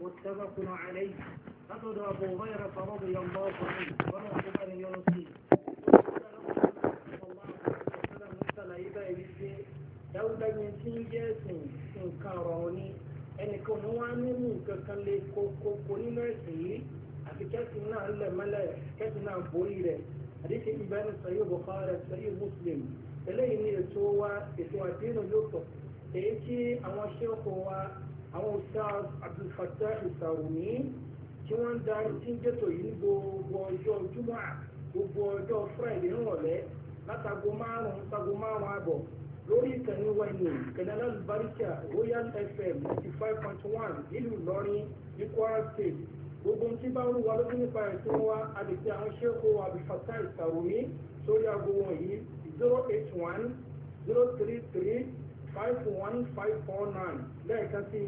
متفق عليه أتد أبو هريرة رضي الله عنه ورحمه الله dáúdá yẹn tí ń jẹ́ ẹ̀sìn nǹkan ọ̀rọ̀ ni ẹnìkan mọ́ wá nínú nǹkan kan lè kókó nínú ẹ̀sìn yìí àti kẹ́sìn náà ń lẹ̀ mẹ́lẹ̀ kẹ́sìn náà borí rẹ̀ àdéhùn ìbẹ́nu sọ́yìn Bukhari sọ́yìn Muslim eléyìí ni ètò wa ètò àdéhùn yóò tọ̀ èyí tí àwọn ṣẹ́kọ̀ọ́ wa àwọn ustaz abdulfatah ìsàwùmí tí wọ́n ń darí tí ń jẹ́tò yìí ní gbogbo ọjọ́ júmọ́ gbogbo ọjọ́ friday ńrọ̀lẹ́ látago márùn-ún látago márùn-ún àbọ̀ lórí ìkànnì wáyé kẹ̀nẹ́lá lùbáríkà royal fm ninety five point one nílùú ìlọrin ní kwara state gbogbo tí bá ń wà lókè nípa ẹ̀sìn wa àdìsí àwọn ṣẹ́kù abdulfatah ìsàwùmí sórí aago wọ̀nyí zero eight one zero three three. 51549 لا يكفي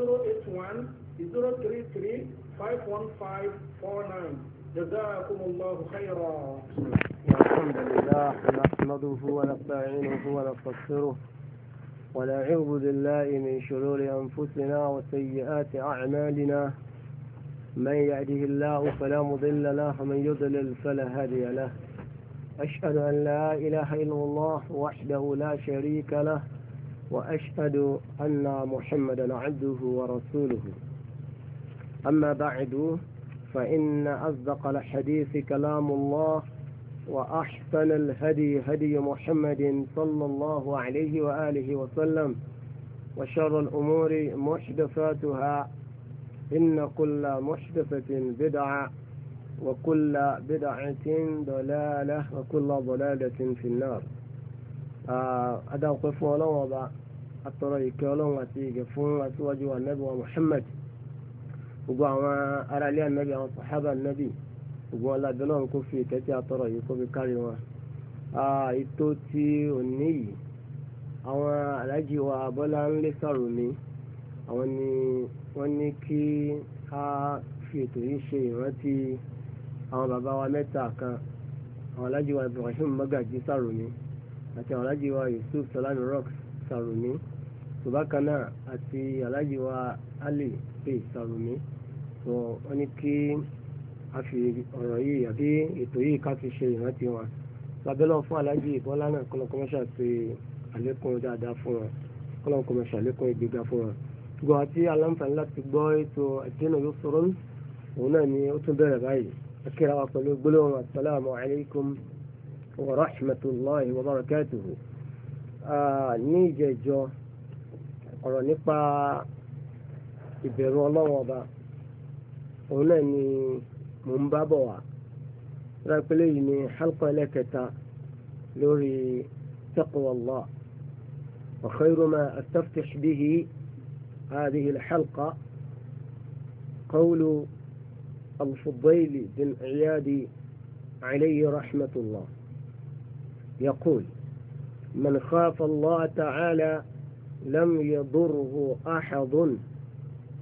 081 033 51549 جزاكم الله خيرا. الحمد لله نحمده ونستعينه ونستغفره ونعوذ بالله من شرور أنفسنا وسيئات أعمالنا من يهده الله فلا مضل له ومن يضلل فلا هادي له أشهد أن لا إله إلا الله وحده لا شريك له وأشهد أن محمدا عبده ورسوله أما بعد فإن أصدق الحديث كلام الله وأحسن الهدي هدي محمد صلى الله عليه وآله وسلم وشر الأمور محدثاتها إن كل محدثة بدعة وكل بدعة ضلالة وكل ضلالة في النار آه، أدعو قفوا نوضا atọrọ ìkẹ́ ọlọ́run àti ìgẹ̀ fún aṣíwájú wa nẹ́bí wa Muhammad gbogbo àwọn aráalé ànábì àwọn sàhábà ànábì gbogbo wọn lábẹ́ ọlọ́run kó fi ìkẹ́ tí atọrọ yìí kó fi kárí wọn. ètò ti òní yìí àwọn aláàjì wa bọ́lá ń lé sọ̀rọ̀ mi àwọn ni wọ́n ní kí a fi ètò yìí ṣe ìrántí àwọn bàbá wa mẹ́ta kan àwọn aláàjì wa Ibrahim Magaji Sarumi àti àwọn aláàjì wa Yusuf Salami Rock Sarumi tòbákanná àti aláàjì wa alè pè sàrùmí tó wọ́n ní kí a fi ọ̀rọ̀ yìí àbí ètò yìí ká fi ṣe ìrántí wọn lábẹ́lọ́ fún aláàjì ìbọ́lá náà kọ́lọ́kọ́mọ́ṣà ṣe àlékún dáadáa fún wọn kọ́lọ́kọ́mọ́ṣà àlékún ìgbéga fún wọn gbọ́ àti aláǹfààní láti gbọ́ ètò àdínà yóò sọ̀rọ̀ òun náà ni ó tún bẹ̀rẹ̀ báyìí akíra wa pẹ̀lú gbólóhùn asalaamu alaykum wa rahmatulahi wa barakatuhu ní ìjẹ́jọ́ ọ̀rọ̀ nípa ìbẹ̀rù ọlọ́wọ́ ọba òun náà ni mò ń bá bọ̀ wá rápẹ́lẹ́ yìí ni halqa ẹlẹ́kẹta lórí taqwa Allah wa khayru ma astaftish bihi hadhihi al-halqa qawlu al-Fudayl bin Iyad عليه رحمة الله يقول من خاف الله تعالى لم يضره أحد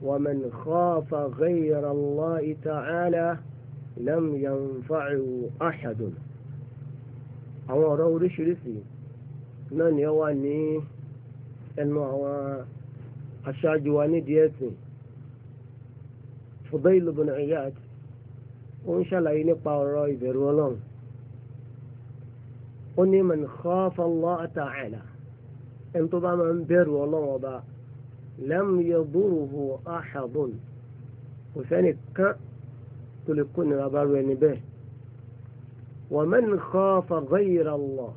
ومن خاف غير الله تعالى لم ينفعه أحد àwọn ọ̀rọ̀ oríṣiríṣi náà ni ó wà ní ẹnu àwọn aṣáájú wa nídìí ẹ̀sìn Fudayl ibn Iyad ó ń ṣàlàyé nípa ọ̀rọ̀ ìbẹ̀rù ọlọ́run ó ní man khafa Allah ta'ala ẹni tó bá máa ń bẹ̀rù ọlọ́run ọba lam yaduruhu ahadun kò sẹ́ni kán tó lè kó nira bá ru ẹni bẹ́ẹ̀. wa man khafa ghayra Allah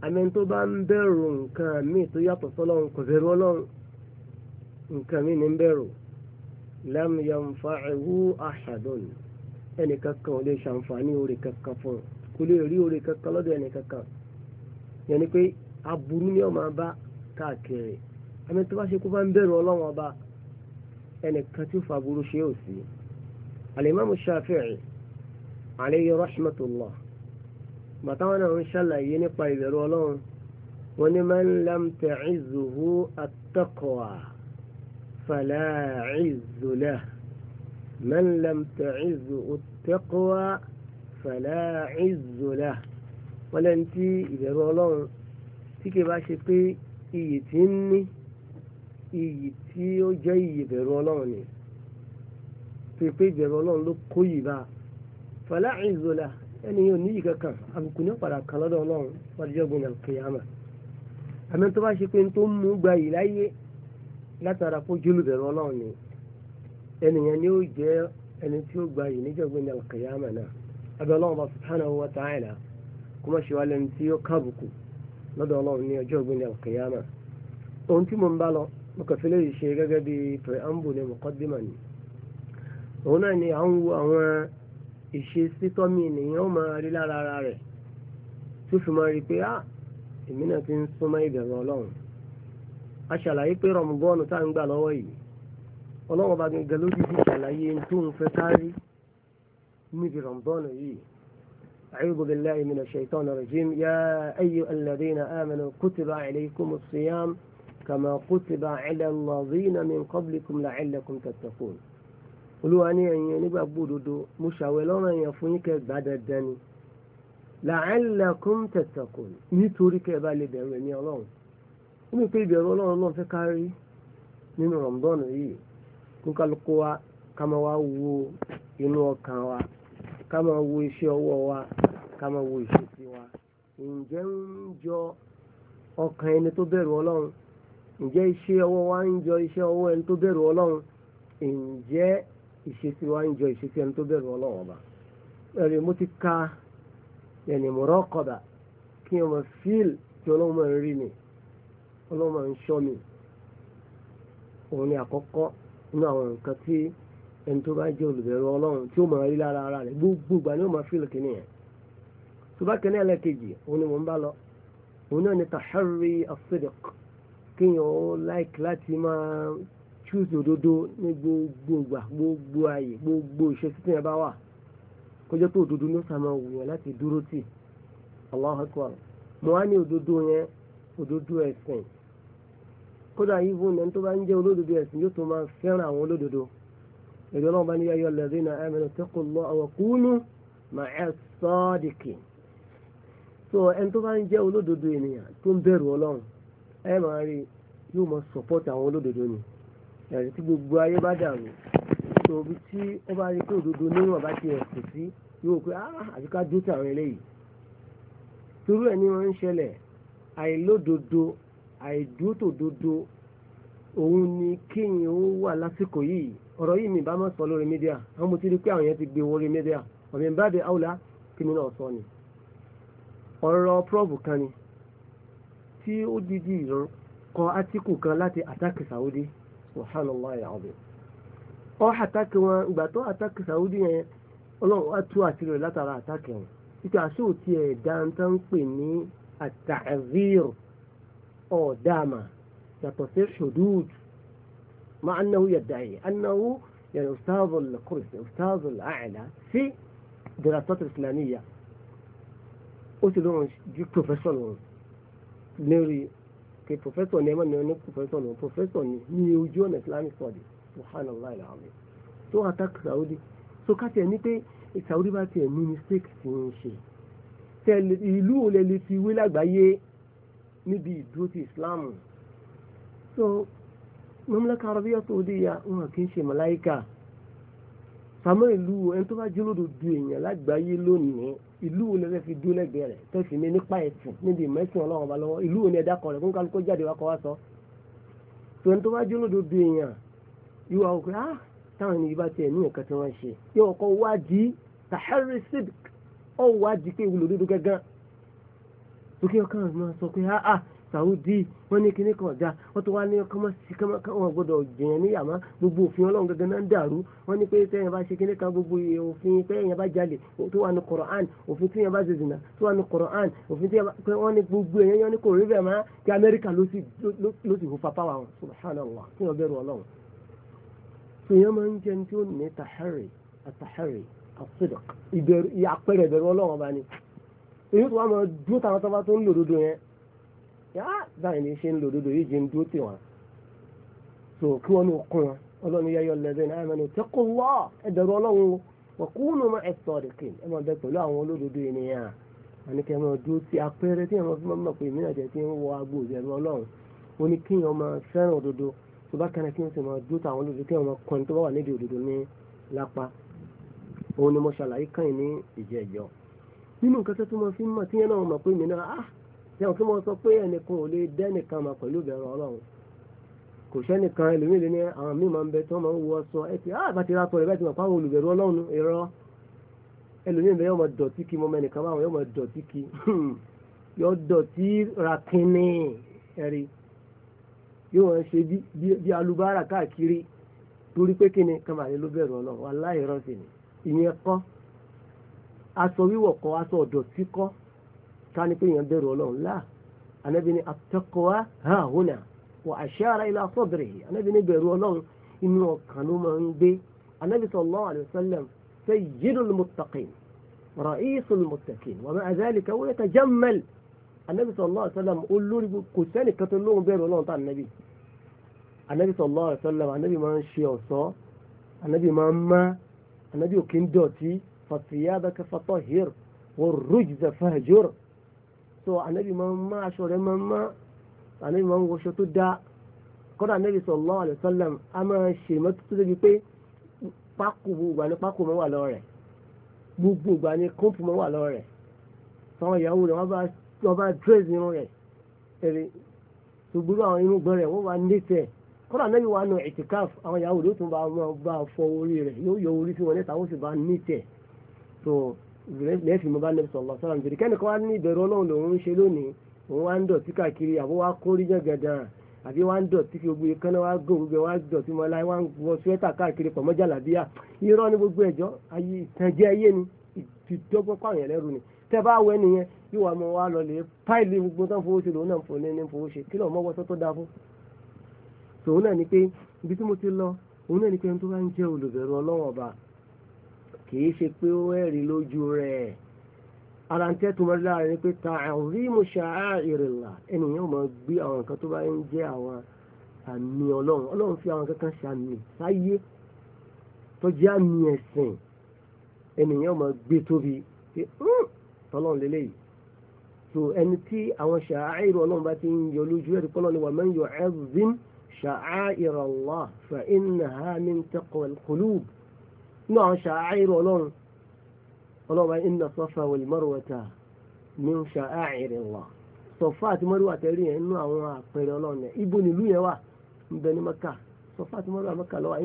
àmì tó bá ń bẹ̀rù nǹkan mi tó yàtọ̀ sọ́lọ́run kò bẹ̀rù ọlọ́run nǹkan mi ní ń bẹ̀rù lam yanfa'uhu ahadun ẹnì kankan ò lè ṣàǹfààní orí kankan fún un kò lè rí orí kankan lọ́dọ̀ aburú ni ọmọ bá káàkiri àmì tó bá ṣe kó bá ń bẹ̀rù ọlọ́wọ́n ọba ẹnìkan tí ó fa aburú ṣe ò sí. alimami shafi'i alayhi rahmatullah bàtàwọn náà ń ṣàlàyé nípa ìbẹ̀rù ọlọ́run wọn ni man lam ta'izzuhu at-taqwa fala 'izzu man lam ta'izzu at-taqwa fala wọ́n lẹ́ni tí ìbẹ̀rù ọlọ́run tí kì í bá ṣe pé iyì tí ń ní iyì tí ó jẹ́ iyì ìbẹ̀rù ọlọ́run ni pé pé ìbẹ̀rù ọlọ́run ló kó yìí bá fàlẹ́ àìzọ́là ẹni yóò níyì kankan àbùkù ní padà kan lọ́dọ̀ ọlọ́run wájújọ́gbìn náà kìyàmà àmì tó bá ṣe pé tó ń mú gba yìí láyé látara kó jólù bẹ̀rù ọlọ́run ni ẹnìyẹn ni ó jẹ́ ẹni tí ó gba yìí níjọ́gbìn náà kìyàmà náà abẹ́ ọlọ́run bá subhanahu wa ta'ala kó má ṣe wá lẹ́ni tí ó kábùkù lọ́dọ̀ ní ọjọ́ ògbìn alkiyama ohun tí mo ń bá lọ mo kàn gẹ́gẹ́ bí preamble ní mọ̀kọ́dìmọ̀ ni náà ni à ń wo àwọn ìṣesí tọ́mí ènìyàn ó máa rí pé ah èmi náà ti ọlọ́run a ṣàlàyé pé rọmùgọ́ọ̀nù tá à ń gbà lọ́wọ́ yìí ọlọ́run bá gẹ́gẹ́ lójú ti أعوذ بالله من الشيطان الرجيم يا أيها الذين آمنوا كتب عليكم الصيام كما كتب على الذين من قبلكم لعلكم تتقون olúwa ní ẹ̀yin onígbàgbọ́ òdodo mo ṣàwẹ̀ lọ́rọ̀ yẹn fún yín kẹ́ gbà dandan ni la'allakum tattaqun nítorí kẹ́ bá lè bẹ̀rù ẹ̀mí ọlọ́run nínú pé ìbẹ̀rù ọlọ́run náà fẹ́ kárí nínú Ramadan yìí kó kálukú wa ká máa wá wo inú ọkàn wa ká máa wo iṣẹ́ ọwọ́ wa ká máa wo iṣẹ́ tiwa ǹjẹ́ ń jọ ọkàn ẹni tó bẹ̀rù ọlọ́run ǹjẹ́ iṣẹ́ ọwọ́ wa ń jọ iṣẹ́ ọwọ́ ẹni tó bẹ̀rù ọlọ́run ǹjẹ́ ìṣesí wa ń jọ ìṣesí ẹni tó bẹ̀rù ọlọ́run ọba ẹ̀rì mo ti ka ẹni mọ̀rọ́ kọ̀dà kí n mọ̀ fíìl tí ọlọ́run máa ń rí mi ọlọ́run máa ń ṣọ́ mi òun ni àkọ́kọ́ nínú àwọn nǹkan tí ẹni tó bá jẹ́ olùbẹ̀rù ọlọ́run tí ó máa rí lára ara rẹ̀ gbogbo ìgbà ni ó máa fílì kìíní yẹn tó bá kìíní òun ni mò ń bá lọ òun náà ni tahari asidik kéèyàn ó láìkì láti máa chúùsì òdodo ní gbogbo ìgbà gbogbo ààyè gbogbo ìṣesí tí yẹn bá wà kọjá pé òdodo ní ó sàmà wùyàn láti dúró tì Allahu akbar mo wá ní òdodo yẹn òdodo ẹ̀sìn kódà yìí fún ẹni tó ń jẹ́ olódodo ẹ̀sìn yóò tó máa fẹ́ràn àwọn olódodo ẹ̀rọ náà bá ní ayọ̀ alladhina amanu ittaqullaha wa kunu ma'a sadiqin so ẹni tó bá ń jẹ́ olódodo ènìyàn tó ń bẹ̀rù ọlọ́run ẹ máa rí yóò máa sọ̀pọ́tì àwọn olódodo ni ẹ̀rí tí gbogbo ayé bá dàrú so bí tí ó bá rí pé òdodo níwọ̀n bá ti ẹ̀sìn sí yóò pé ah, àbí ká dúró tàwọn eléyìí torí ẹ̀ ní wọ́n ń ṣẹlẹ̀ àìlódodo àìdúrótòdodo òun ni kéèyàn ó wà lásìkò yìí ọ̀rọ̀ yìí mi bá má sọ lórí mídíà àwọn mo ti rí pé àwọn yẹn ti gbé wọlé mídíà ọ̀bẹ̀ bá de àwòlá kí mi náà sọ ni ọ̀rọ̀ prọ́fù kan ni tí ó dídí ìran kọ átíkù kan láti àtàkì sàwúdí subhanallah ọ̀bẹ̀ ọ àtàkì wọn ìgbà tó àtàkì sàwúdí yẹn ọlọ́run á tú àti látara àtàkì wọn títí àṣọ òtí ẹ̀ dáńtá ń pè ní àtàzír مع أنه يدعي أنه يعني أستاذ الكرسي أستاذ الأعلى في دراسات الإسلامية أسلون جي بروفيسور نيري كي بروفيسور نيما نيري بروفيسور نيري بروفيسور نيوجون إسلامي سعودي سبحان الله العظيم تو أتاك سعودي سو كاتي ẹni pé Saudi bá سينشي. تل mistake ti في ولا ìlú نبي lè إسلام. سو. so mọ́mílẹ́ka arábíyá Saudiya wọn kì í ṣe màláìka sàmọ́ ìlú ẹni tó bá jólódò du èèyàn lágbàáyé lónìí ìlú wo lẹ́fẹ́ fi dúró lẹ́gbẹ̀ẹ́ rẹ̀ tó fi ní nípa ẹ̀sìn níbi ìmẹ̀sìn ọlọ́run ọba lọ́wọ́ ìlú wo ni ẹ̀dá kan rẹ̀ kó ń kálukó jáde wá kọ́ wá sọ. tó ẹni tó bá jólódò du èèyàn yóò wá wò pé ah táwọn ènìyàn bá tiẹ̀ ní nǹkan tí wọ́n ṣe yóò kọ́ wádìí tahari sidq ọ̀ wádìí pé ìwúlò dúdú gángan. tó kí ọkàn máa sọ pé ah ah Saudi wọ́n ní kíní kan ọ̀dà wọ́n tó wá ní kọ́mọ́sí wọn gbọ́dọ̀ jẹ̀yàn ní yàmá gbogbo òfin ọlọ́run gẹ́gẹ́ náà ń dàrú wọ́n ní pé tẹ́yìn bá ṣe kíní kan gbogbo òfin tẹ́yìn bá jalè tó wà ní Qur'an òfin tẹ́yìn bá zèzìnà tó wà ní Qur'an òfin tẹ́yìn bá wọ́n ní gbogbo èèyàn yọ ní kò rí bẹ́ẹ̀ máa kí Amẹ́ríkà ló sì hùfà pàwà wọn subhanallah kí wọ́n bẹ̀rù ọlọ́run tòyàn máa ń tahari àtahari àfidọ̀k ìbẹ̀rù àpẹẹrẹ ìbẹ̀rù ọlọ́run bá ní èyí tó wà máa dúró táwọn tó Ah, báyìí ni ṣe ń lò dodo yìí jẹ́ ń dúró tì wọ́n so kí wọ́n ní okun wọn ọlọ́run yẹ yọ lẹ́sẹ̀ ní àmọ́ ní tẹ́kọ̀ wọ́ ẹ̀dẹ̀rù ọlọ́run wọ́n kú nù mọ́ ẹ̀sọ́ ọ̀dẹ̀kìn ẹ̀ máa bẹ pẹ̀lú àwọn olódodo ènìyàn àníkẹ́ máa dúró sí apẹ́rẹ́ tí àwọn fún mọ́ pé ìmíràn jẹ́ tí ń wọ agbó ìbẹ̀rù ọlọ́run ó ní kíyàn máa fẹ́ràn òdodo tó bá kẹ́rẹ́ kíyàn sì máa dúró ṣé o kí mo sọ pé ẹnìkan ò lè dẹ́nìkan mà pẹ̀lú ìbẹ̀rù ọlọ́run kò sẹ́nìkan ẹlòmíì lè ní àwọn míì máa ń bẹ tí wọ́n máa ń wọ sọ ẹ ti ah bàtí ra tọrẹ bẹ́ẹ̀ ti mọ̀ pé àwọn olùbẹ̀rù ọlọ́run irọ́ ẹlòmíì bẹ́ẹ̀ yóò máa dọ̀tí kí mo mẹ́nìkan báwọn yóò máa dọ̀tí kí hmm, yóò dọ̀tí rakínní ẹ̀rí yóò máa ṣe bí alubára káàkiri torí pé kí ni kàmá ni ló bẹ̀rù ọlọ́run ká ní pé èèyàn bẹ̀rù ọlọ́run láà anabi ni at-taqwa ha huna wa ashara ila sadrihi anabi ni bẹ̀rù ọlọ́run inú ọkàn ló máa ń gbé anabi sallallahu alayhi wa sallam sayyidul muttaqin ra'isul muttaqin wa ma'a dhalika wa yatajammal anabi sallallahu alayhi wa sallam olórí kò sẹ́ni kẹtọ́ lóhun bẹ̀rù ọlọ́run tá anabi anabi sallallahu alayhi wa sallam anabi máa ń ṣe ọ̀ṣọ́ anabi máa ń má anabi òkè ń dọ̀tí fasiyadaka fatahhir wa rujza fahjur so anabi máa ń má aṣọ rẹ̀ máa ń má anabi máa ń wọṣọ tó dáa kọ́dà anabi sallallahu alaihi wasallam a máa ṣe mọ́tótó débi pé pákó gbogbo àní pákó máa wà lọ́rẹ̀ gbogbo ìgbà ni kóńpù máa wà lọ́rẹ̀ fáwọn ìyàwó rẹ̀ wọ́n bá dírẹ́sì irun rẹ̀ ẹ̀rẹ̀ ṣùgbọ́n àwọn irun gbọ́n rẹ̀ wọ́n wà nífẹ̀ẹ́ kọ́dà anabi wà nù ìtìkáf àwọn ìyàwó rẹ̀ ó tún bá fọ orí rẹ̀ yóò yọ orí sí wọn lẹ́sìn mo bá nẹ́bí sọ̀rọ̀ sọ́ra nìjẹ́rì kẹ́nìkan wá ní ìbẹ̀rù ọlọ́run lòun ń ṣe lónìí òun wá ń dọ̀tí káàkiri àbó wá kórí jẹ́gẹ̀dàn àbí wá ń dọ̀tí fi gbogbo ìkànnì wá gò gbogbo wá dọ̀tí mọ́ láì wá ń wọ suẹ́tà káàkiri pọ̀ mọ́jàlá bíyà irọ́ ní gbogbo ẹ̀jọ́ ìtànjẹ́ ayé ni ìdọ́gbọ́n pààyàn ni tẹ́ bá wẹ́ nìyẹn yóò wá mọ wá lọ lè páìlì gbogbo tán fowó ṣe lòun náà fò ní ní fowó ṣe kí lọ́ọ́ mọ́ wọ́sọ́ kìí ṣe pé ó ẹ̀rí lójú rẹ̀ ara ń tẹ́tù mọ́rí lára ni pé ta'zimu sha'airillah ènìyàn mọ̀ gbé àwọn nǹkan tó bá ń jẹ́ àwọn àmì ọlọ́run ọlọ́run fi àwọn kankan ṣàmì sáyé tó jẹ́ àmì ẹ̀sìn ènìyàn mọ̀ gbé tóbi pé hmm, tọ́lọ́run lélẹ́yìí so ẹni tí àwọn sha'airu ọlọ́run bá ti ń yọ lójú ẹ̀rí pọ́lọ́ ni wa man yu'azzim sha'airallah fa innaha min taqwal qulub inú àwọn ọlọrụ ọlọ́run ọlọ́run inna safa wal marwata min sha'airillah sọ̀fà àti mọ́rùwà tẹ́rí yẹn inú àwọn àpẹẹrẹ ọlọ́run yẹn ibo nílù yẹn wà ń bẹ ní mẹ́kà sọ̀fà àti maka mẹ́kà lọ́wọ́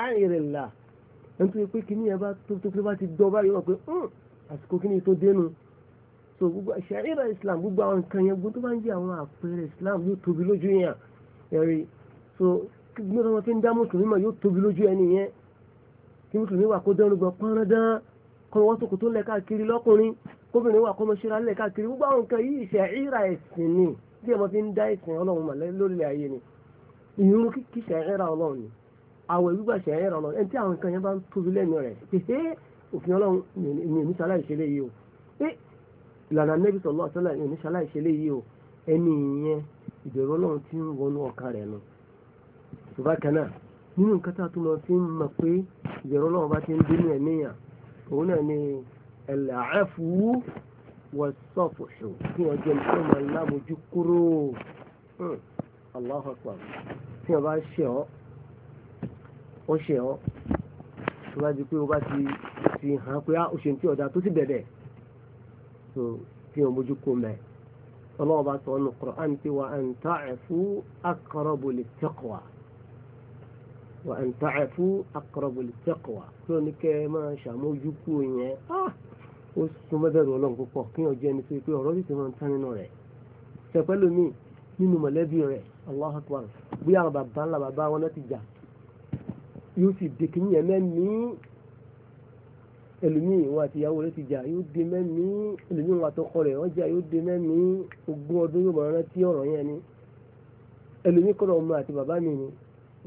àyẹ̀wò ẹni tó yẹ pé kíní yẹn bá tó tó bá ti dọ́ báyìí wọ̀ pé àsìkò kíní tó dénú so gbogbo ṣàríà islam gbogbo àwọn nǹkan yẹn gbogbo tó bá ń jẹ́ àwọn àpẹẹrẹ islam yóò tóbi lójú yẹn ẹ̀rí so gbogbo tó wọn fi ń dá mùsùlùmí mọ̀ yóò tóbi lójú ẹni yẹn kí mùsùlùmí wà kó dánrù gbọ́ pọ́nrán kọ́ni wọ́n sọ̀kò tó lẹ̀ káàkiri lọ́kùnrin kóbìnrin wà kọ́mọ ṣe ra lẹ̀ káàkiri gbogbo àwọn nǹkan yìí ṣàríà ẹ̀sìn ni tí ẹ̀ mọ́ fi ń dá ẹ̀sìn ọlọ́run mọ̀lẹ́ lórílẹ̀ ayé ni ìrún kìí ṣàríà ọlọ́run ni àwẹ̀ gbígbà ṣe ẹ̀rọ lọ ẹni tí àwọn nǹkan yẹn bá ń tóbi lẹ́nu rẹ̀ pèsè òfin ọlọ́run ni èmi ṣaláì ṣe léyìí o pé ìlànà nẹ́bí sọ̀lọ́ ọ̀sọ́lá ni èmi ṣaláì ṣe léyìí o ẹni ìyẹn ìbẹ̀rù ọlọ́run ti ń wọnú ọkàn rẹ̀ nu. ṣùgbọ́n kan náà nínú nǹkan tá a tún fi mọ̀ pé ìbẹ̀rù ọlọ́run bá ti ń dé ní ẹ̀míyàn wọ́n ṣe ọ́ tó bá di pé o bá ti fi hàn pé ah, ó ṣe ti ọ̀dà tó ti bẹ̀bẹ̀ tó fi hàn bójú kó mẹ́ ọlọ́wọ́ bá sọ ọ́nù Qur'an pé wa an ta'fu aqrabu lit-taqwa wa an ta'fu aqrabu lit-taqwa kí ló ní kẹ́ ẹ máa ṣàmójú kú yẹn ah! ó súnmọ́ bẹ̀rù ọlọ́run púpọ̀ kí ọjọ́ ẹni tó pé ọ̀rọ̀ sì ti máa ń tán nínú rẹ̀ ṣẹ̀pẹ́ lómi nínú mọ̀lẹ́bí rẹ̀ Allahu bóyá bàbá ńlá bàbá wọn náà ti jà yóò sì dèkì yẹn mẹ́ni ẹlòmíì wọn àti ìyàwó rẹ ti jà yóò di mẹ́ni ẹlòmíì wọn àtọkọ rẹ wọn jà yóò di mẹ́ni ogún ọdún yóò máa rántí ọ̀rọ̀ yẹn ni ẹlòmíì kọ́ra ọmọ àti bàbá mi ni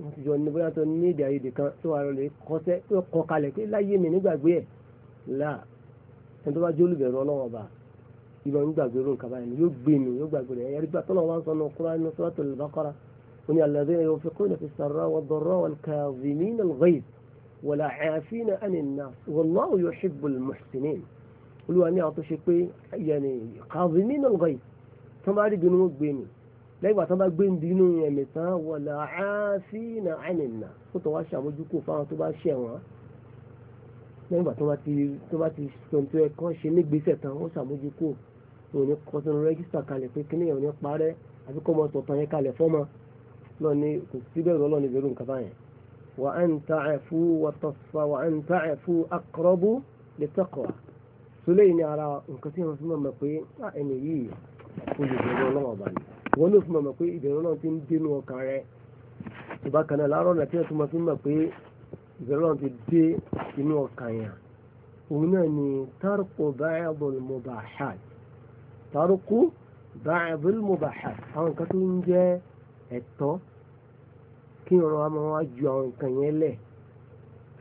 wọn ti jọ ní bóyá tó ní èdè àyèdè kan tó wà lọ́lẹ̀ kọ́sẹ́ tó kọ́ kalẹ̀ pé láyé mi nígbàgbé ẹ̀ là ẹni tó bá jẹ́ olùbẹ̀rù ọlọ́wọ́n bá ìlọrin gbàgbé rò nǹkan báyìí yóò gbé mi yóò gbàgbé rẹ̀ ẹ̀yẹ́rì gbà tọ́lọ́ wọn sọ هنا الذين ينفقون في السراء والضراء والكاظمين الغيظ والعافين عن الناس والله يحب المحسنين قلوا أني أعطش يعني كاظمين الغيظ ثم أريد جنوب بيني lẹ́yìn àtàwọn bá gbé nínú ẹ̀mí tán wọ̀là áfínà ànínà ó tọ́ wá ṣàmójúkò fáwọn tó bá ṣẹ̀ wọ́n lẹ́yìn àtàwọn tó bá ti tó bá ti tọ̀ntọ̀ ẹ̀kan ṣe nígbésẹ̀ tán wọ́n ṣàmójúkò òun ní kọ́tún rẹ́gísítà kalẹ̀ pé kíní ẹ̀rọ ní parẹ́ àbíkọ́ ọmọ tọ̀tàn yẹn kalẹ̀ fọ́mọ lọ́ni kò sí bẹ́ẹ̀ rọ́ lọ́ni bẹ̀rù nǹkan báyẹn wa an ta'fu wa tasfa wa an ta'fu aqrabu lit-taqwa sólè yìí ni ara nǹkan tí wọ́n fi mọ̀ pé ah, ẹni yìí kò lè bẹ̀rù ọlọ́wọ́ bá ní wọ́n ló fi mọ̀ pé ìbẹ̀rù ọlọ́run ti ń dénú ọkàn rẹ̀ ìbákan náà láàárọ̀ nàìjíríà tó máa fi mọ̀ pé ìbẹ̀rù ọlọ́run ti dé inú ọkàn yẹn òun náà ni tarku ba'dul mubahat tarku ba'dul mubahat àwọn nǹkan tó ń jẹ́ ẹ̀tọ́ kí ọ̀rọ̀ wa máa wá ju àwọn nǹkan yẹn lẹ̀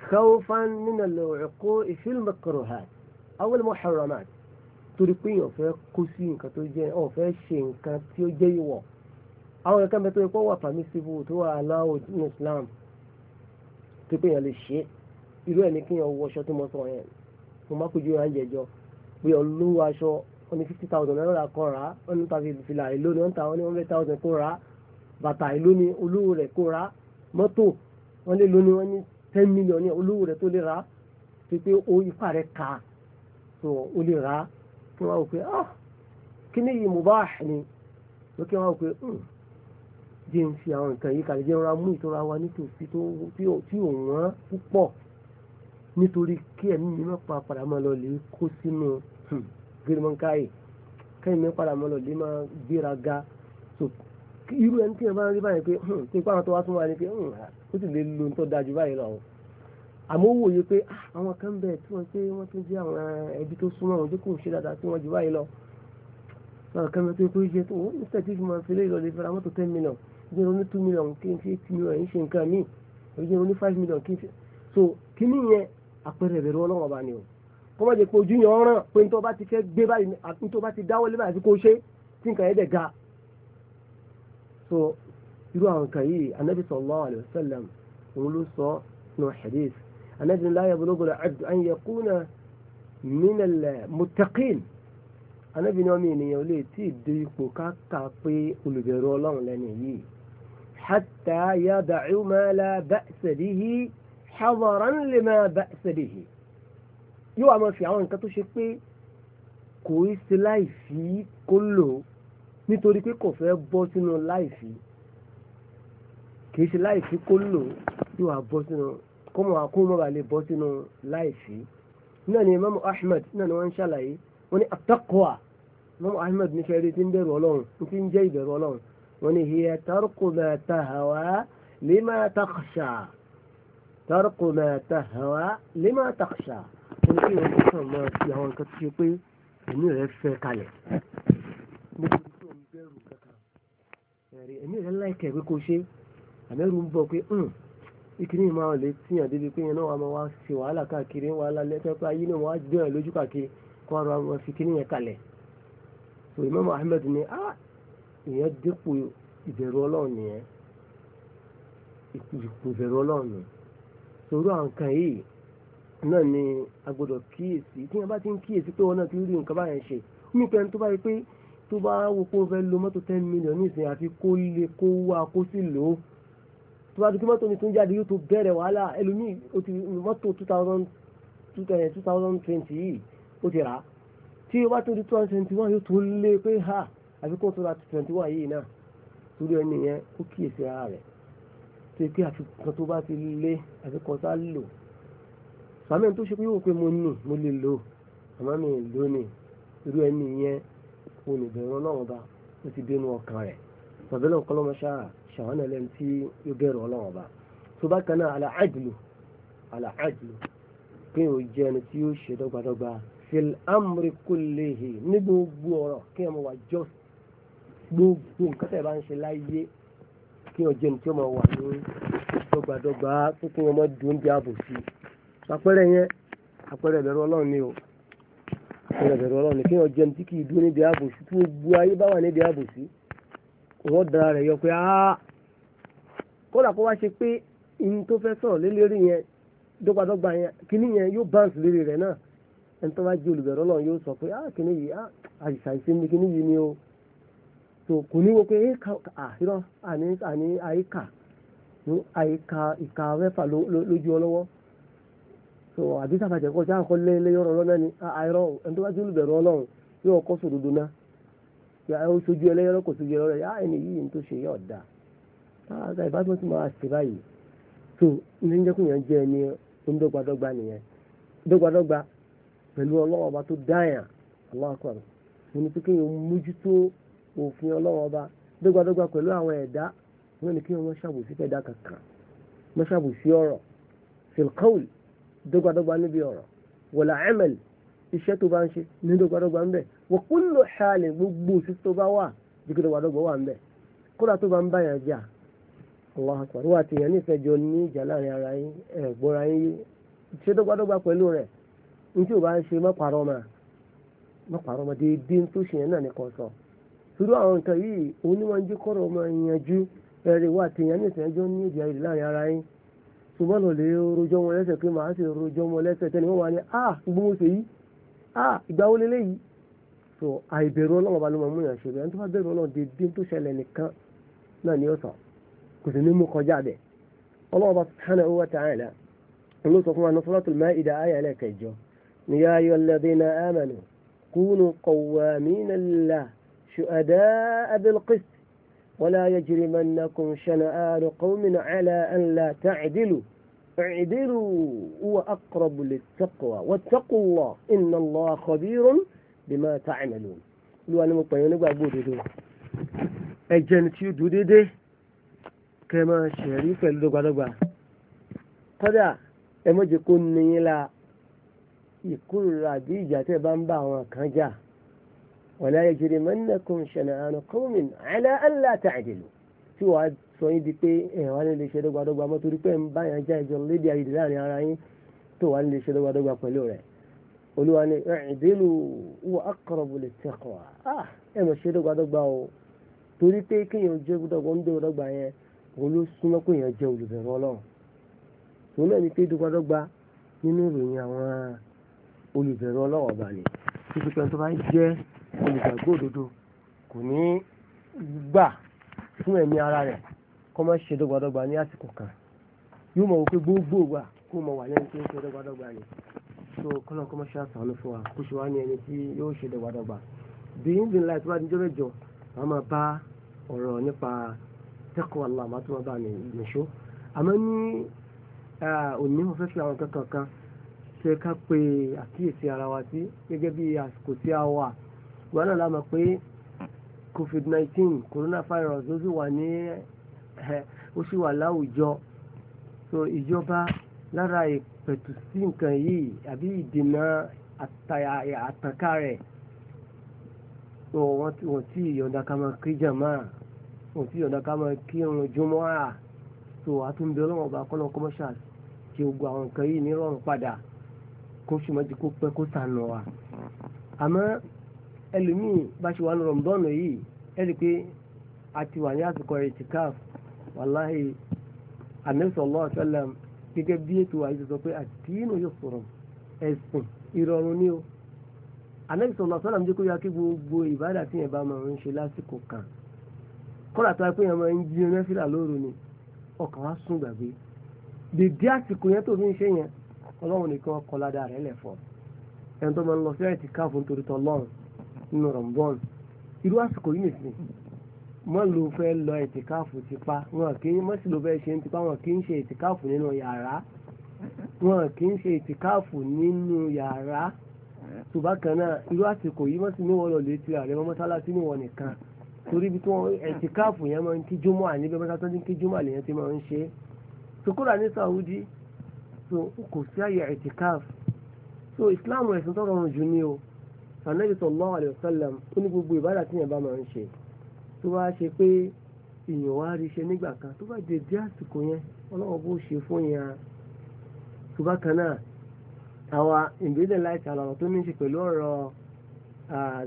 khawfan min al-wuqu'i fil makruhat aw al-muharramat torí pé èèyàn fẹ́ kó sí nǹkan tó jẹ́ ọ̀ fẹ́ ṣe nǹkan tí ó jẹ́ ìwọ̀ àwọn nǹkan bẹ tó yẹ kó wà permissible tó wà allowed ní Islam tó pé èèyàn lè ṣe irú ẹ̀ kí èèyàn wọṣọ tí mo sọ yẹn mo má kojú ìran jẹjọ pé olówó aṣọ ó fifty thousand náírà kan rà á fìlà èlò ní one one hundred thousand kó bàtà ìlú ni olówó rẹ̀ kó ra mọ́tò wọ́n lè lóní wọ́n ní ten million ní olówó rẹ̀ tó lè ra pé pé o ifá rẹ̀ ka tó o lè ra kí wọ́n wọ́n pé ah kí ni yìí mubah ni lókè wọ́n wọ́n pé hmm, jẹ́ ń fi àwọn nǹkan yìí kàlẹ́ jẹ́ ra mú ìtura wa nítòsí tí ò wọ́n púpọ̀ nítorí kí ẹ̀mí mi máa pa padà máa lọ lè kó sínú hmm, gírímọ̀nkáyì kẹ́yìn mi padà máa lọ lè máa gbéraga irú ẹni tí ẹ bá ń rí báyìí pé tí ipá àwọn tó wá súnmọ́ ẹni pé hmm, ah, ó sì lè lo ohun tó dáa jù báyìí lọ àmọ́ ó wòye pé ah, àwọn kan bẹ̀ tí wọ́n pé wọ́n tún jẹ́ àwọn ẹbí tó súnmọ́ wọn tí kò ṣe dáadáa tí wọ́n jù báyìí lọ àwọn kan bẹ̀ tó pé jẹ́ tó ń tẹ̀sí fún wọn fẹ́lẹ́ ìlọlẹ̀ fẹ́ra mọ́tò ten million jẹ́ ronú two million kí n fi eight million ṣe nǹkan míì èyí jẹ́ ronú five million kí n fi so kí ni yẹn àpẹẹrẹ ìbẹ̀rù ọlọ́wọ́ bá ni o kọ́ mọ̀ jẹ́ pé ojú yẹn ọ̀ràn pé ní tó bá ti fẹ́ gbé báyìí ní tó bá so irú àwọn kan yìí anabi sallallahu alayhi wa sallam òun ló sọ nù hadith anabi la yablughu al-abdu an yakuna min al-muttaqin anabi ni ọmọ ènìyàn lè tí ì dé ipò káka pé olùbẹ̀rù ọlọ́run lẹ́nu yìí hatta yada'u ma la ba'sa bihi hadaran lima ba'sa bihi yóò wá máa fi àwọn nǹkan tó ṣe pé kò í ṣe láì fi kó nítorí pé kò fẹ́ bọ́ sínú láìsí kìí ṣe láìsí kó lò yóò wá bọ́ sínú kó mọ̀ àkó mọ̀ bá lè bọ́ sínú láìsí náà ni Imam Ahmed náà ni wọ́n ń ṣàlàyé wọ́n ní at-taqwa Imam Ahmed ní fẹ́ẹ́ rí ti ń bẹ̀rù ọlọ́run ti ń jẹ́ ìbẹ̀rù ọlọ́run wọ́n ní hiya tarku ma tahawa lima takhsha tarku ma tahawa wọ́n ní kí wọ́n kọ́ mọ́ ti àwọn nǹkan tó ṣe pé ẹ̀mí rẹ̀ fẹ́ kalẹ̀ bẹ̀rù kankan ẹ̀rí ẹ̀mí rẹ̀ láìkẹ̀ pé kó ṣe àmẹ́rù ń bọ̀ pé ìkíní máa lè tíyàn débi pé yẹn náà wàá wá ṣe wàhálà káàkiri wàhálà lẹ́tọ́ pé ayé náà wàá jẹ́ ẹ̀ lójú káàkiri kó ara wọn fi kíní yẹn kalẹ̀ so ni a ìyẹn dípò ìbẹ̀rù ọlọ́run nìyẹn ìpò ìbẹ̀rù ọlọ́run nìyẹn sòrò àǹkà yìí náà ni a kíyèsí tí wọ́n tó bá wo pé o fẹ́ lo mọ́tò ten million nísìnyí àti kó lè kó wá kó sì lò ó tó bá ti mọ́tò mi tó ń jáde yóò tó bẹ̀rẹ̀ wàhálà ẹlòmíì o ti mọ́tò two thousand two eh, thousand twenty yìí o ti rà á tí o bá tó di two thousand twenty one yóò tó lé pé ha àfi kó o tó ra twenty one yìí náà torí ẹni yẹn ó kíyèsí ara rẹ̀ tó yẹ kí àfikún tó bá ti lé àfikún tá lò sàmẹ́ni tó ṣe pé yóò pé mo nì mo lè lò àmọ́ mi ì lónìí irú ẹni yẹn olùbẹ̀rù ọlọ́run ọba ó ti dénú ọkàn rẹ̀ sọ̀bẹ́lẹ̀ ọ̀kọ́lọ́mọṣá ṣàwọn ẹlẹ́ni tí yóò bẹ̀rù ọlọ́run ọba tó bá kan náà àlàájìlù àlàájìlù pé ó jẹ́ ẹni tí yóò ṣe dọ́gbadọ́gba fil amri kullihi ní gbogbo ọ̀rọ̀ kí ẹ mọ̀ wá jọ́ gbogbo nǹkan tẹ̀ bá ń ṣe láyé kí ọ jẹ́ ẹni tí ó máa wà ní dọ́gbadọ́gba tó kí wọ́n mọ́ dùn bí àbòsí àpẹẹrẹ yẹn àpẹẹrẹ ìbẹ̀rù ọlọ́run ni o ìrìn àbẹ̀rù ọlọ́run kí wọ́n jẹun tí kì í dúró níbi àbòsí tí gbogbo ayé bá wà níbi àbòsí wọ́n dara rẹ̀ yọ pé áá kódà kó wá ṣe pé ihun tó fẹ́ sọ̀rọ̀ lé lérí yẹn dọ́gbadọ́gba yẹn kíní yẹn yóò bounce lérí rẹ̀ náà ẹni tó bá jẹ́ olùbẹ̀rù ọlọ́run yóò sọ pé áá kíní yìí áá àìsàìsí ni kíní yìí ni o tó kò ní wo pé àìrọ̀ àní àyíká àyíká ìka mẹ́fà lójú ọlọ́wọ́ so àbí sàbàjẹ́ kọjá àkọ́ lé lé yọ̀rọ̀ lọ́nà ni àìrọ̀ ẹni tó bá ti olùbẹ̀rù ọlọ́run yóò kọ́ sòdodo ná yà ó sojú ẹlẹ́yọ̀rọ̀ kò sojú ẹlẹ́yọ̀rọ̀ yà ẹni yìí ní tó ṣe yọ̀ dà àgbà ìbátan ti máa ṣe báyìí so ní jẹ́ kó yẹn jẹ́ ẹni onídọ́gbadọ́gba nìyẹn dọ́gbadọ́gba pẹ̀lú ọlọ́wọ́ ọba tó dáyà aláàkọ́rọ̀ mo ní kékeré mójútó òfin ọlọ́wọ́ ọba dọ́gbadọ́gba pẹ̀lú àwọn dọgbadọgba níbi ọ̀rọ̀ wọ̀là ẹ̀mẹ̀l iṣẹ́ tó bá ń ṣe ní dọ́gbadọ́gba ń bẹ̀ wọ́n kún ló gbogbo òsì tó bá wà jùlọ dọ́gbadọ́gba wà ń bẹ̀ kódà tó bá ń bá yàn jà Allah akbar ní ara tí bá ń ṣe déédéé tó ṣe yẹn àwọn nǹkan yìí ju ní láàrin ara ṣùgbọ́n lọ lè rojọ́ wọn lẹ́sẹ̀ pé màá sì rojọ́ wọn lẹ́sẹ̀ tẹ́ni wọ́n wà ní ah gbogbo ṣe yìí ah ìgbà wo lélẹ́ yìí so àìbẹ̀rù ọlọ́run ọba ló máa mú yàn ṣe tó bá bẹ̀rù ọlọ́run dédé tó ṣẹlẹ̀ nìkan náà ni ó sọ kò sì ní mú kọjá bẹ̀ ọlọ́run ọba subhanahu wa ta'ala ló sọ ولا يجرمنكم شنآن قوم على أن لا تعدلوا اعدلوا هو أقرب للتقوى واتقوا الله إن الله خبير بما تعملون لو أنا مطمئن أقول دودو أجنتي دودي كما شريف اللغة قد أمجكم لا يكون ربي تبان بامبا وكان جاه ولا yajrimannakum shana'anu qawmin على alla ta'dilu tí wàá sọ yín di pé ẹ̀ wá ní lè ṣe dọ́gbadọ́gba mọ́ torí pé ń bá yàn já ìjọ lédi àyèdè láàrin ara yín tó wà ní lè ṣe dọ́gbadọ́gba pẹ̀lú rẹ̀ olúwa ni i'dilu huwa aqrabu lit-taqwa ah, ẹ̀ mọ̀ ṣe dọ́gbadọ́gba o torí pé kéèyàn jẹ́ dọ́gba ń dẹ́wọ́ dọ́gba yẹn òun ló súnmọ́ pé èèyàn jẹ́ olùbẹ̀rù ọlọ́run tòun náà ni pé olùgbàgbọ́ òdodo kò ní gbà fún ẹ̀mí ara rẹ̀ kó má ṣe dọ́gbadọ́gba ní àsìkò kan yóò mọ̀ wípé gbogbo wa kó mọ̀ wà lẹ́yìn tí ó ń ṣe dọ́gbadọ́gba ni so kọ́nà kó má ṣe àṣàánú fún wa kó tí yóò ṣe dọ́gbadọ́gba níjọ́ a máa bá ọ̀rọ̀ nípa máa bá ní òní fẹ́ fi àwọn ìgbà náà la mọ̀ pé covid nineteen coronavirus ló sì wà ní ó sì wà láwùjọ so ìjọba lára ìpẹ̀tù sí nǹkan yìí àbí ìdènà àtàkà rẹ̀ so wọ́n ti yọ̀ǹda ká máa kí jàmá wọ́n ti yọ̀ǹda ká máa kí irun jùmọ́ à so àtúndì ọlọ́wọ́n ọba kọ́nà kọ́mọ́ṣà ṣe gbogbo àwọn nǹkan yìí nírọ̀rùn padà kó ṣùgbọ́n ti kó pẹ́ kó sànù wa àmọ́ ẹlòmíì bá ṣe wà ní rọ̀mùdọ́nù yìí ẹ rí i pé a ti wà ní àsìkò ìtìkáf wàláhì àmẹ́sọ̀lọ́ ọ̀sẹ́lẹ̀m gẹ́gẹ́ bí ètò àyè sọ pé àdínú yóò sọ̀rọ̀ ẹ̀sìn ìrọ̀rùn ni o àmẹ́sọ̀lọ́ ọ̀sẹ́lẹ̀m jẹ́ kó yá kí gbogbo ìbádà tí yẹn bá máa ń ṣe lásìkò kan kọ́lá tó pé yẹn máa ń jí mẹ́fìlà lóru ni ọkàn wa sún gbàgbé dèdè àsìkò yẹn tó fi ń ṣe yẹn ọlọ́run nìkan ọkọ̀ ládàá rẹ̀ lẹ̀ fọ́ ẹni tó máa ń lọ sí ẹ̀tìkáf nítorí tọ́lọ́run nínú rọ̀mbọ́n irú àsìkò yìí nìsín mọ́ ló fẹ́ lọ ètìkáàfù tipa wọn kì í mọ́ sì ló fẹ́ ṣe ń tipa wọn kì í ṣe ètìkáàfù nínú yàrá wọn kì í ṣe ètìkáàfù nínú yàrá ṣùgbọ́n kan náà irú àsìkò yìí mọ́ sí níwọ̀n lọ létí ààrẹ wọn mọ́sálásí níwọ̀n nìkan torí bí tí wọ́n ẹ̀tìkáàfù yẹn máa ń kí júmọ́ àníbẹ̀ mọ́sálásí kí júmọ́ àlèyàn ti máa ń ṣe sukura ní Saudi so kò sí àyè ẹ̀tìkáàfù so Islam ẹ̀sìn tó rọrùn jù ní o anabi sallallahu alayhi wa sallam ó ní gbogbo ìbádà tí yẹn bá máa ń ṣe tó bá ṣe pé ìyàn wá rí ṣe nígbà kan tó bá dé dé àsìkò yẹn ọlọ́wọ́ bó ṣe fún yẹn tó bá kan náà àwọn ìbílẹ̀ láìka lọ́rọ̀ tó ní ṣe pẹ̀lú ọ̀rọ̀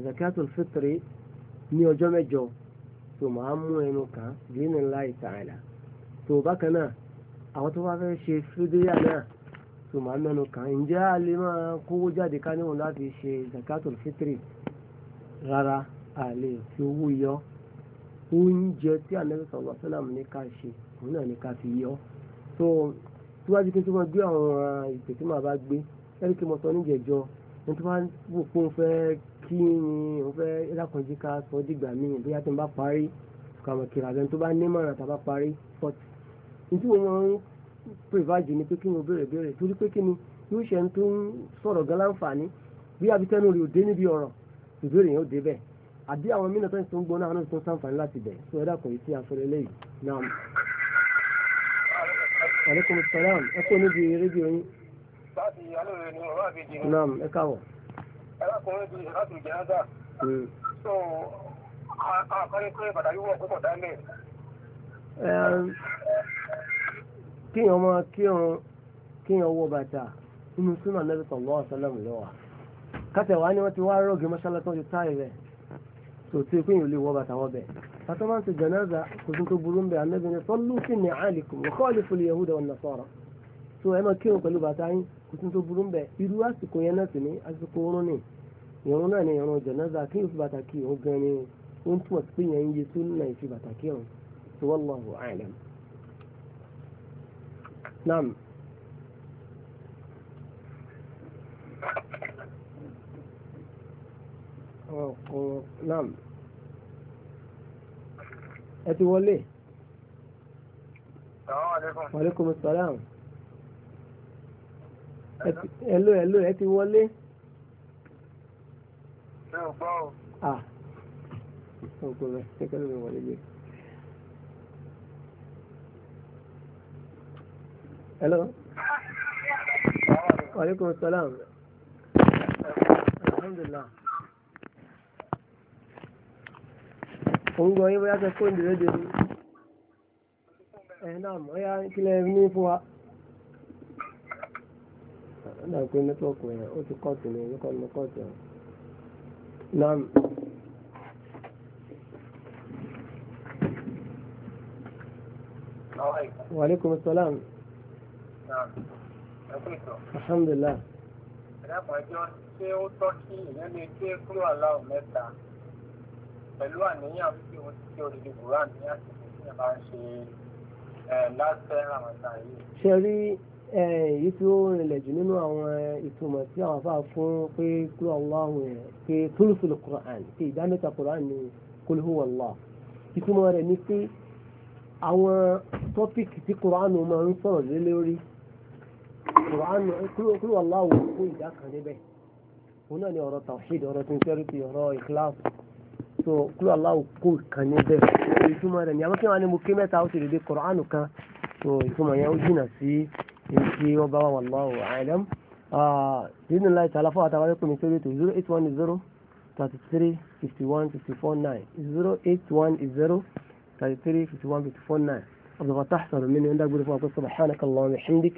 zakatul fitri ní ọjọ́ mẹ́jọ tó máa mú ẹnu kàn bí ní láìka àlà tó bá kan náà àwọn tó bá fẹ́ ṣe fúdúyà náà so màá mẹ́nu kàn ǹjẹ́ a lè máa kówó jáde ká níwọ̀n láti ṣe zakatul fitri rárá a lè fi owó yọ oúnjẹ tí Ànábì sallallahu alaihi wasallam ní ká ṣe òun náà ní ká fi yọ so síwájú pé tí wọ́n gbé àwọn ìpè tí màá bá gbé ẹ̀rí kí mo sọ níjẹ̀jọ́ mo tún máa ń wò pé mo fẹ́ kí ni mo fẹ́ lákànjí ká sọ dìgbà míì bóyá tí mo bá parí kàmọ̀kìrà lẹ́nu tó bá nímọ̀ràn pèvájì ni pé kí ni o béèrè béèrè torí pé kí ni yóò ṣe ń tó ń sọ̀rọ̀ gan láǹfààní bí abitẹ́nu rè ò dé níbi ọ̀rọ̀ ìbéèrè yẹn ó dé bẹ́ẹ̀ àbí àwọn mìíràn tó ń tún gbóná àwọn tó ń sàǹfààní láti bẹ̀ sọ ẹ̀dá kan yìí sí afẹ́rẹ́ lẹ́yìn náà. aleykum salaam ẹ kó níbi rédíò yín. láti alóore ni ọ̀rọ̀ àbíjì ni. naam ẹ káwọ̀. alákùnrin bíi láti ìjẹ́nàdà. Hmm. so àkọ́ni pé bàtà yóò wọ̀ pé kò kíyàn máa kírun kíyàn wọ bàtà nínú súnà Nabi sallallahu alaihi wasallam lọ́wọ́ kátà wá ní wọ́n ti wá rọ́ọ̀gì mọ́ṣálá tó ti táyì rẹ̀ tó tí kíyàn lè wọ bàtà wọ́bẹ̀ pàtó máa ń ṣe jẹ̀nẹ́zà kò tó burú bẹ́ẹ̀ Ànábì ní sallu fi ni'alikum wa khalifu al-yahuda wan-nasara tó ẹ máa kírun pẹ̀lú bàtà yín kò tó burú bẹ́ẹ̀ irú àsìkò yẹn náà sì ní àsìkò oorun ni ìrun náà ni ìrun jẹ̀nẹ́zà kí fi bàtà kí gan نعم نعم أتي ولي السلام عليكم وعليكم السلام hello hello ẹ ti wọlé. ṣé o gbọ́ o. ah o gbọ́ bẹ́ẹ̀ ṣé kẹ́lẹ́ mi wọlé gbé. hello aleykum salaam alhamdulilah orúkọ yín bóyá tẹ fóònù rédíò ni ẹ náà mọ ya kílẹ̀ ní fún wa náà pé nẹ́tíwọ́ọ̀kì yẹn ó ti kọ́ọ̀tù ní ẹ̀yìn ní kọ́ọ̀tù yẹn náà. Wa aleykum salaam alhamdulilah. ẹ̀dàpọ̀jọ́ ṣé ó tọ́ kí ìyẹn lè gbé kúrò aláwọ̀ mẹ́ta pẹ̀lú àníyàn wípé ó ti ṣe òdìdí buran ní àsìkò tí ẹ bá ń ṣe lásẹ̀ ramadan yìí. ṣe rí èyí tí ó rinlẹ̀ jù nínú àwọn ìtumọ̀ tí àwọn afáà fún pé kúrò aláwọ̀ yẹn pé tólùfìlì quran pé ìdá mẹ́ta quran ni kólúhùwàlá ìtumọ̀ rẹ̀ ni pé àwọn tọ́pìkì tí quran máa ń sọ̀rọ̀ lé lórí kùránù kúrò aláwọ̀ kó ìjà kan níbẹ̀ òun náà ni ọ̀rọ̀ tawhid ọ̀rọ̀ sincerity ọ̀rọ̀ ikhlas so kúrò aláwọ̀ kó kan níbẹ̀ ìtumọ̀ rẹ̀ ni àwọn kí wọ́n á ní mo ké mẹ́ta ó sì dédé kùránù kan so ìtumọ̀ yẹn ó jìnà sí ìṣe ọba wa wallahu a'lam nínú láì tààlà fún àtàwọn ẹ̀kọ́ mi sórí ètò zero eight one zero thirty three fifty one fifty four nine zero eight one zero thirty three fifty one fifty four nine ọ̀dọ̀ bàtà sọ̀rọ̀ mi ni ó ń dágbére fún wa pé subhanaka Allahumma wa bihamdik.